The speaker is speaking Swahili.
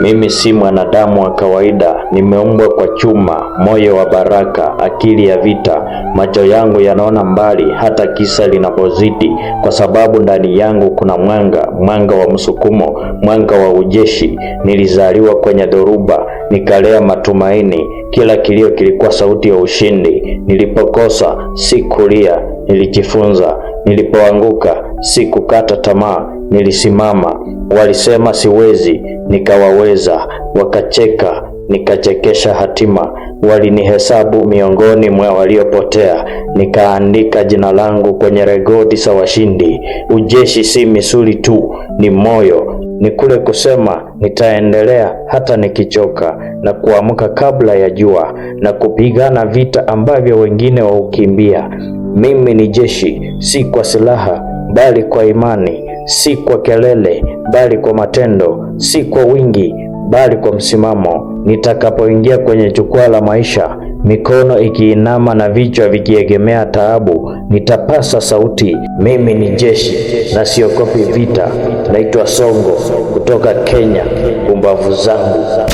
Mimi si mwanadamu wa kawaida, nimeumbwa kwa chuma, moyo wa baraka, akili ya vita. Macho yangu yanaona mbali hata kisa linapozidi, kwa sababu ndani yangu kuna mwanga, mwanga wa msukumo, mwanga wa ujeshi. Nilizaliwa kwenye dhoruba, nikalea matumaini. Kila kilio kilikuwa sauti ya ushindi. Nilipokosa sikulia, nilijifunza. Nilipoanguka sikukata tamaa. Nilisimama, walisema siwezi, nikawaweza. Wakacheka, nikachekesha. Hatima walinihesabu miongoni mwa waliopotea, nikaandika jina langu kwenye rekodi za washindi. Ujeshi si misuli tu, ni moyo, ni kule kusema nitaendelea hata nikichoka, na kuamka kabla ya jua, na kupigana vita ambavyo wengine waukimbia. Mimi ni jeshi, si kwa silaha, bali kwa imani si kwa kelele, bali kwa matendo, si kwa wingi, bali kwa msimamo. Nitakapoingia kwenye jukwaa la maisha, mikono ikiinama na vichwa vikiegemea taabu, nitapasa sauti, mimi ni jeshi na siogopi vita. Naitwa Songo kutoka Kenya, kumbavu zangu